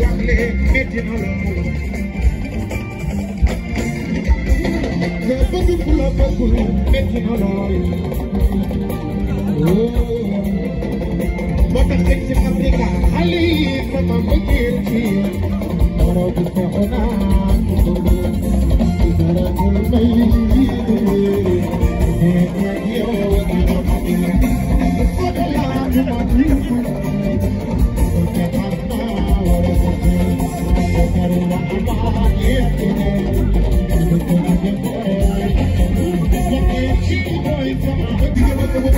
jàngle metti na lool nga bëgg ku la bëggul metti na lool moo tax ci Afrika xale yi sama mbëggeel ci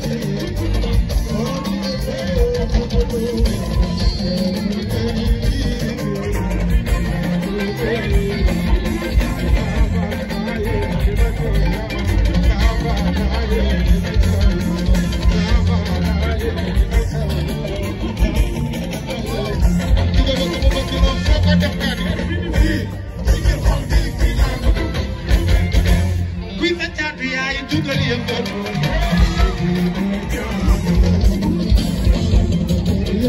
Queen Natalia, you took a young girl. I'm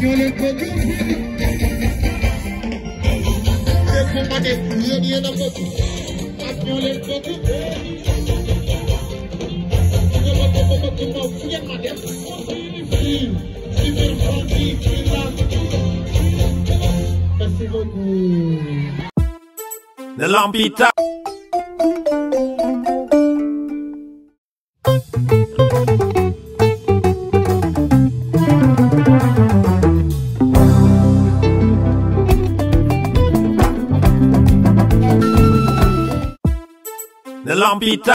gonna put you everybody you the Lampita Lambita